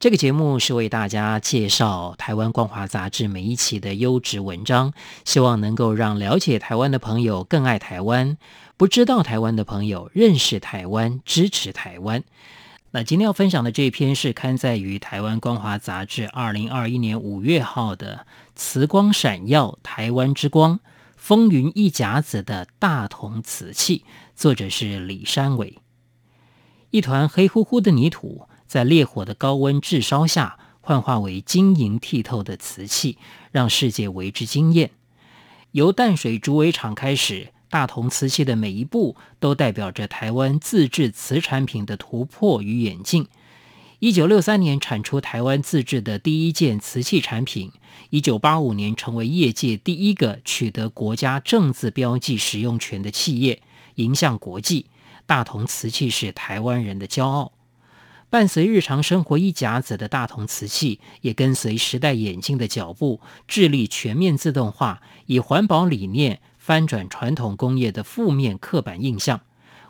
這個節目是為大家介紹台灣光華雜誌每一期的優質文章，希望能夠讓了解台灣的朋友更愛台灣，不知道台灣的朋友認識台灣，支持台灣。那今天要分享的這篇是刊載於台灣光華雜誌二零二一年五月號的《瓷光閃耀，台灣之光》，風雲一甲子的大同瓷器，作者是李珊瑋。一團黑乎乎的泥土。在烈火的高溫炙燒下，幻化為晶瑩剔透的瓷器，讓世界為之驚豔。由淡水竹圍廠開始，大同瓷器的每一步都代表着台灣自製瓷產品的突破與演進。一九六三年產出台灣自製的第一件瓷器產品，一九八五年成為業界第一個取得國家正字標記使用權的企業，迎向國際。大同瓷器是台灣人的驕傲。伴隨日常生活一甲子的大同瓷器，也跟隨時代演進的腳步，致力全面自動化，以環保理念翻轉傳統工業的負面刻板印象。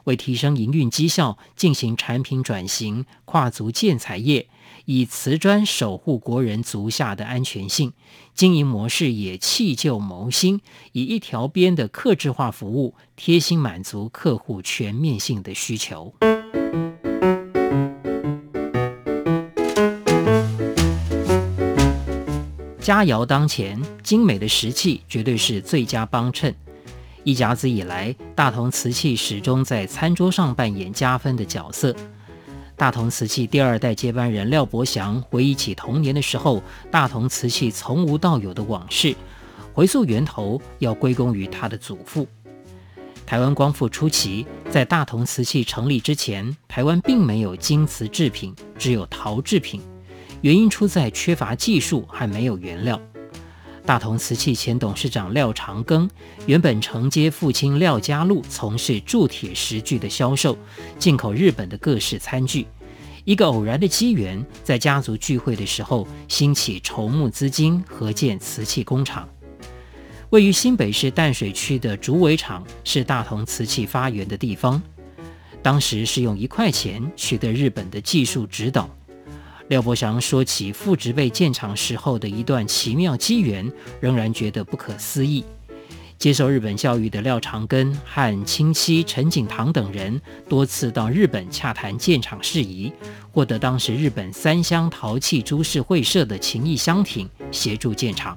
為提升營運績效，進行產品轉型，跨足建材業，以瓷磚守護國人足下的安全性。經營模式也棄舊謀新，以一條鞭的客製化服務，貼心滿足客戶全面性的需求。佳肴當前，精美的食器絕對是最佳幫襯。一甲子以來，大同瓷器始終在餐桌上扮演加分的角色。大同瓷器第二代接班人廖伯祥回憶起童年的時候，大同瓷器從無到有的往事，回溯源頭要歸功於他的祖父。台灣光復初期，在大同瓷器成立之前，台灣並沒有精瓷製品，只有陶製品。原因出在缺乏技術，還沒有原料。大同瓷器前董事長廖長庚，原本承接父親廖家祿從事鑄鐵食具的銷售，進口日本的各式餐具。一個偶然的機緣，在家族聚會的時候，興起籌募資金合建瓷器工廠。位於新北市淡水區的竹圍廠，是大同瓷器發源的地方。當時是用一塊錢取得日本的技術指導。廖伯祥說起父執輩建廠時候的一段奇妙機緣，仍然覺得不可思議。接受日本教育的廖長根和親戚陳景堂等人多次到日本洽談建廠事宜，獲得當時日本三鄉陶器株式會社的情義相挺，協助建廠。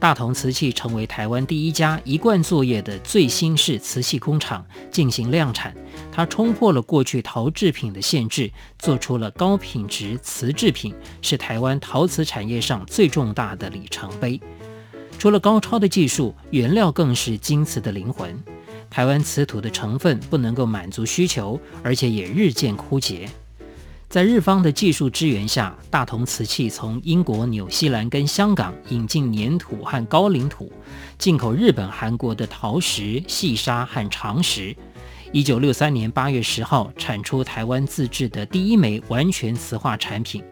大同瓷器，成為台灣第一家一貫作業的最新式瓷器工廠進行量產，它衝破了過去陶制品的限制，做出了高品質瓷制品，是台灣陶瓷產業上最重大的里程碑。除了高超的技術，原料更是精瓷的靈魂。台灣瓷土的成分不能夠滿足需求，而且也日漸枯竭。在日方的技術支援下，大同瓷器從英國、紐西蘭跟香港引進粘土和高嶺土，進口日本、韓國的陶石、細砂和長石。一九六三年八月十號，產出台灣自制的第一枚完全瓷化產品。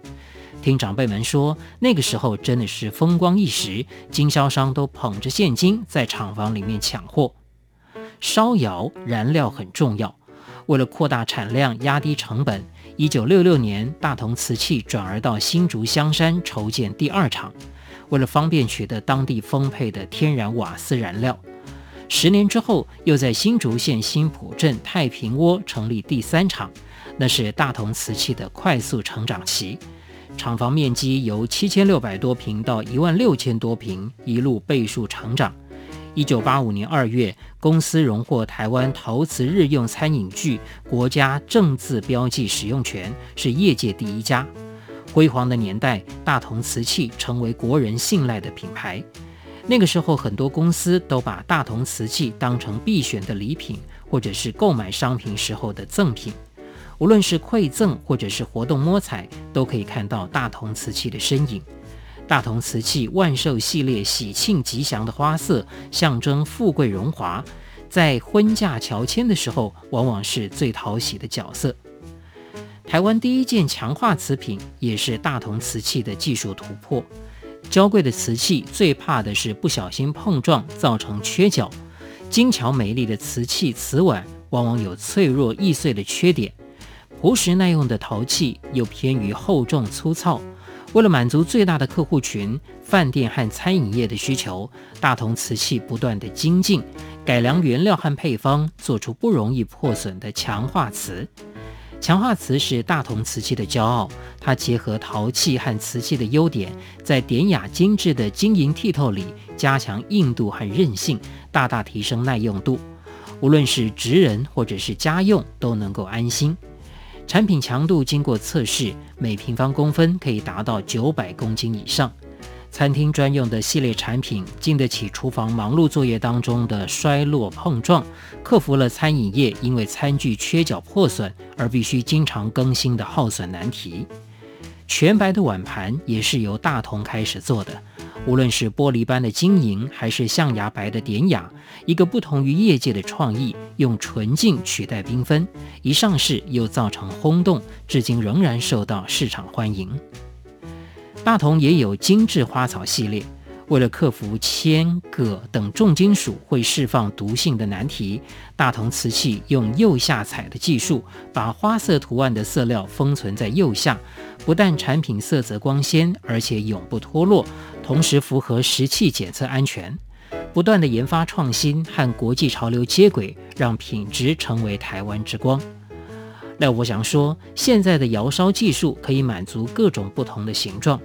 聽長輩們說，那個時候真的是風光一時，經銷商都捧着現金在廠房裡面搶貨。燒窯燃料很重要，為了擴大產量，壓低成本。一九六六年，大同瓷器轉而到新竹香山籌建第二廠，為了方便取得當地豐沛的天然瓦斯燃料。十年之後，又在新竹縣新埔鎮太平窩成立第三廠，那是大同瓷器的快速成長期，廠房面積由七千六百多平到一萬六千多平，一路倍數成長。一九八五年二月，公司榮獲台灣陶瓷日用餐飲具國家正字標記使用權，是業界第一家。輝煌的年代，大同瓷器成為國人信賴的品牌。那個時候，很多公司都把大同瓷器當成必選的禮品，或者是購買商品時候的贈品。無論是饋贈，或者是活動摸彩，都可以看到大同瓷器的身影。大同瓷器萬壽系列喜慶吉祥的花色，象徵富貴榮華，在婚嫁喬遷的時候，往往是最討喜的角色。台灣第一件強化瓷品，也是大同瓷器的技術突破。嬌貴的瓷器最怕的是不小心碰撞造成缺角，精巧美麗的瓷器瓷碗往往有脆弱易碎的缺點，樸實耐用的陶器又偏於厚重粗糙。為了滿足最大的客戶群，飯店和餐飲業的需求，大同瓷器不斷的精進、改良原料和配方，做出不容易破損的強化瓷。強化瓷是大同瓷器的驕傲，它結合陶器和瓷器的優點，在典雅精緻的晶瑩剔透裡，加強硬度和韌性，大大提升耐用度。無論是職人或者是家用，都能夠安心。產品強度經過測試，每平方公分可以達到九百公斤以上。餐廳專用的系列產品經得起廚房忙碌作業當中的摔落碰撞，克服了餐飲業因為餐具缺角破損而必須經常更新的耗損難題。全白的碗盤也是由大同開始做的。無論是玻璃般的晶瑩，還是象牙白的典雅，一個不同於業界的創意，用純淨取代繽紛，一上市又造成轟動，至今仍然受到市場歡迎。大同也有精致花草系列。為了克服鉛、鉻等重金屬會釋放毒性的難題，大同瓷器用釉下彩的技術，把花色圖案的色料封存在釉下，不但產品色澤光鮮，而且永不脫落，同時符合食器檢測安全。不斷地研發創新和國際潮流接軌，讓品質成為台灣之光。那我想說，現在的窑燒技術可以滿足各種不同的形狀。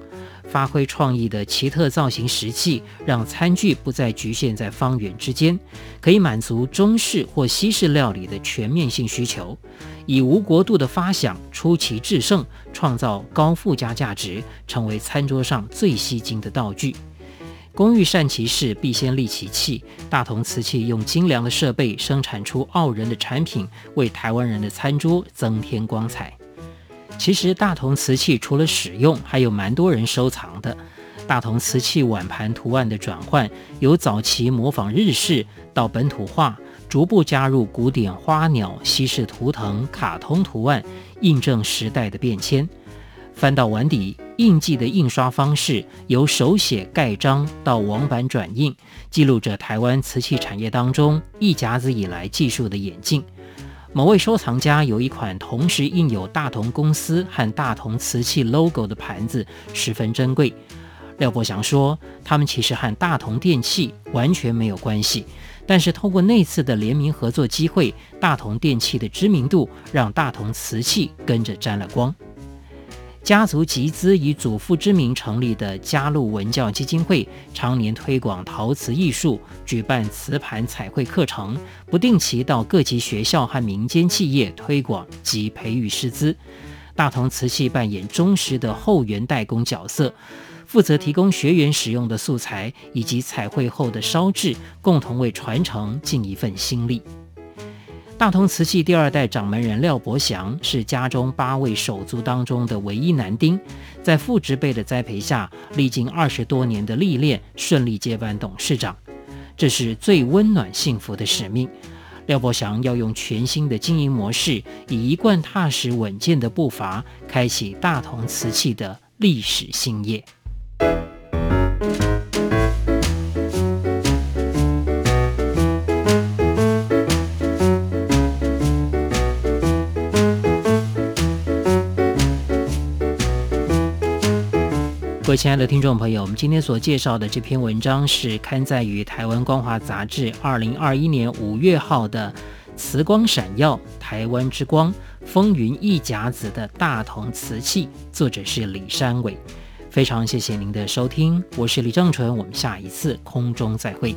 發揮創意的奇特造型瓷器，讓餐具不再侷限在方圓之間，可以滿足中式或西式料理的全面性需求。以無國度的發想出奇制勝，創造高附加價值，成為餐桌上最吸睛的道具。工欲善其事，必先利其器。大同瓷器用精良的設備生產出傲人的產品，為台灣人的餐桌增添光彩。其實大同瓷器除了使用，還有蠻多人收藏的。大同瓷器碗盤圖案的轉換，由早期模仿日式到本土化，逐步加入古典花鳥、西式圖騰、卡通圖案，印證時代的變遷。翻到碗底印記的印刷方式，由手寫蓋章到網版轉印，記錄着台灣瓷器產業當中一甲子以來技術的演進。某位收藏家有一款同時印有大同公司和大同瓷器 logo 的盤子，十分珍貴。廖伯祥說，他們其實和大同電器完全沒有關係，但是通過那次的聯名合作機會，大同電器的知名度讓大同瓷器跟着沾了光。家族集資以祖父之名成立的嘉祿文教基金會，常年推廣陶瓷藝術，舉辦瓷盤彩繪課程，不定期到各級學校和民間企業推廣及培育師資。大同瓷器扮演忠實的後援代工角色，負責提供學員使用的素材以及彩繪後的燒製，共同為傳承盡一份心力。大同瓷器第二代掌門人廖伯祥是家中八位手足當中的唯一男丁，在父執輩的栽培下，歷經二十多年的歷練，順利接班董事長。這是最溫暖幸福的使命。廖伯祥要用全新的經營模式，以一貫踏實穩健的步伐，開啟大同瓷器的歷史新頁。各位親愛的聽眾朋友，我們今天所介紹的這篇文章是刊載於《台灣光華雜誌》二零二一年五月號的《瓷光閃耀台灣之光風雲一甲子的大同瓷器》，作者是李珊瑋。非常謝謝您的收聽，我是李正淳，我們下一次空中再會。